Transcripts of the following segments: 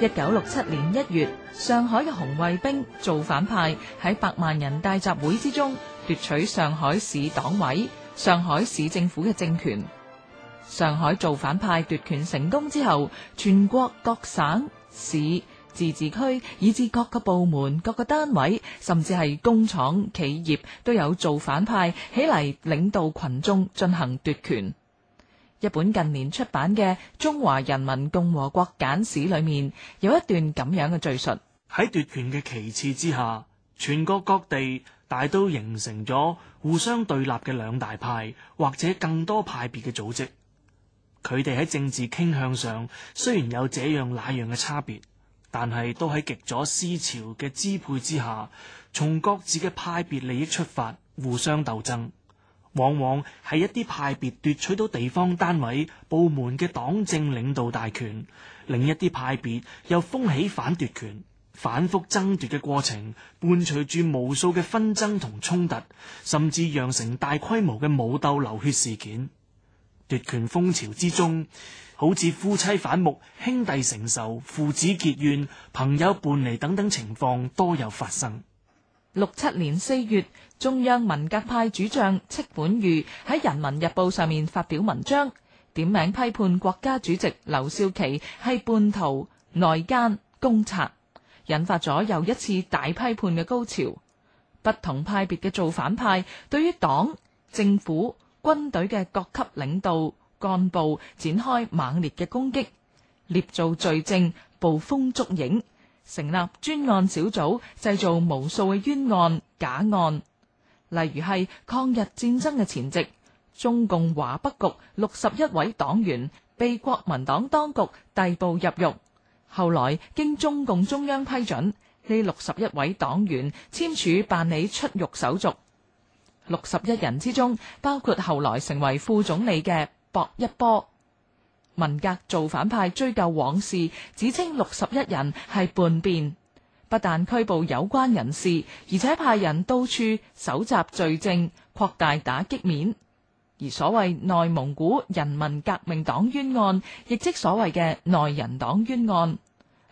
一九六七年一月，上海嘅紅衛兵造反派喺百萬人大集會之中奪取上海市黨委、上海市政府嘅政權。上海造反派奪權成功之後，全國各省、市、自治區以至各個部門、各個單位，甚至係工廠、企業，都有造反派起嚟領導群眾進行奪權。一本近年出版嘅《中華人民共和國簡史》裏面有一段咁樣嘅敘述：喺奪權嘅旗幟之下，全國各地大都形成咗互相對立嘅兩大派或者更多派別嘅組織。佢哋喺政治傾向上雖然有這樣那樣嘅差別，但係都喺極左思潮嘅支配之下，從各自嘅派別利益出發，互相鬥爭。往往係一啲派別奪取到地方單位、部門嘅黨政領導大權，另一啲派別又掀起反奪權，反復爭奪嘅過程，伴隨住無數嘅紛爭同衝突，甚至釀成大規模嘅武鬥流血事件。奪權風潮之中，好似夫妻反目、兄弟成仇、父子結怨、朋友叛離等等情況多有發生。67年4月，中央文革派主將戚本禹在人民日報上面發表文章，點名批判國家主席劉少奇是叛徒、內奸、工賊，引發了又一次大批判的高潮。不同派別的造反派，對於黨、政府、軍隊的各級領導、幹部展開猛烈的攻擊，捏造罪證、捕風捉影，成立專案小組，製造無數嘅冤案、假案，例如係抗日戰爭嘅前夕，中共華北局六十一位黨員被國民黨當局逮捕入獄，後來經中共中央批准，呢六十一位黨員簽署辦理出獄手續，六十一人之中包括後來成為副總理嘅薄一波。文革造反派追究往事，只稱六十一人係叛變，不但拘捕有關人士，而且派人到處搜集罪證，擴大打擊面。而所謂內蒙古人民革命黨冤案，亦即所謂嘅內人黨冤案，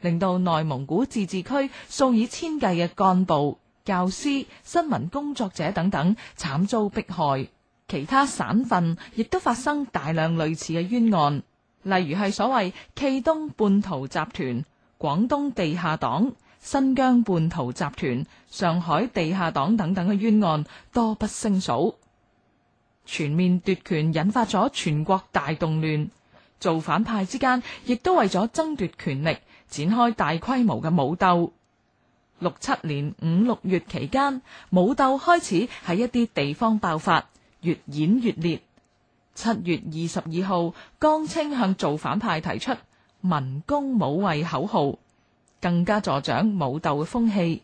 令到內蒙古自治區數以千計嘅幹部、教師、新聞工作者等等慘遭迫害。其他省份亦都發生大量類似嘅冤案。例如係所謂冀東叛徒集團、廣東地下黨、新疆叛徒集團、上海地下黨等等嘅冤案多不勝數，全面奪權引發咗全國大動亂，造反派之間亦都為咗爭奪權力展開大規模嘅武鬥。六七年五六月期間，武鬥開始喺一啲地方爆發，越演越烈。七月二十二號，江青向造反派提出“文攻武衛”口號，更加助長武鬥嘅風氣。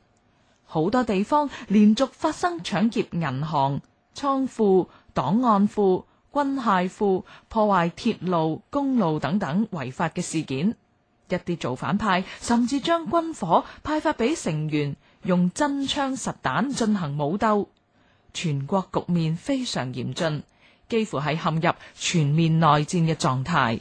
好多地方連續發生搶劫銀行、倉庫、檔案庫、軍械庫，破壞鐵路、公路等等違法嘅事件。一啲造反派甚至將軍火派發俾成員，用真槍實彈進行武鬥。全國局面非常嚴峻。幾乎係陷入全面內戰嘅狀態。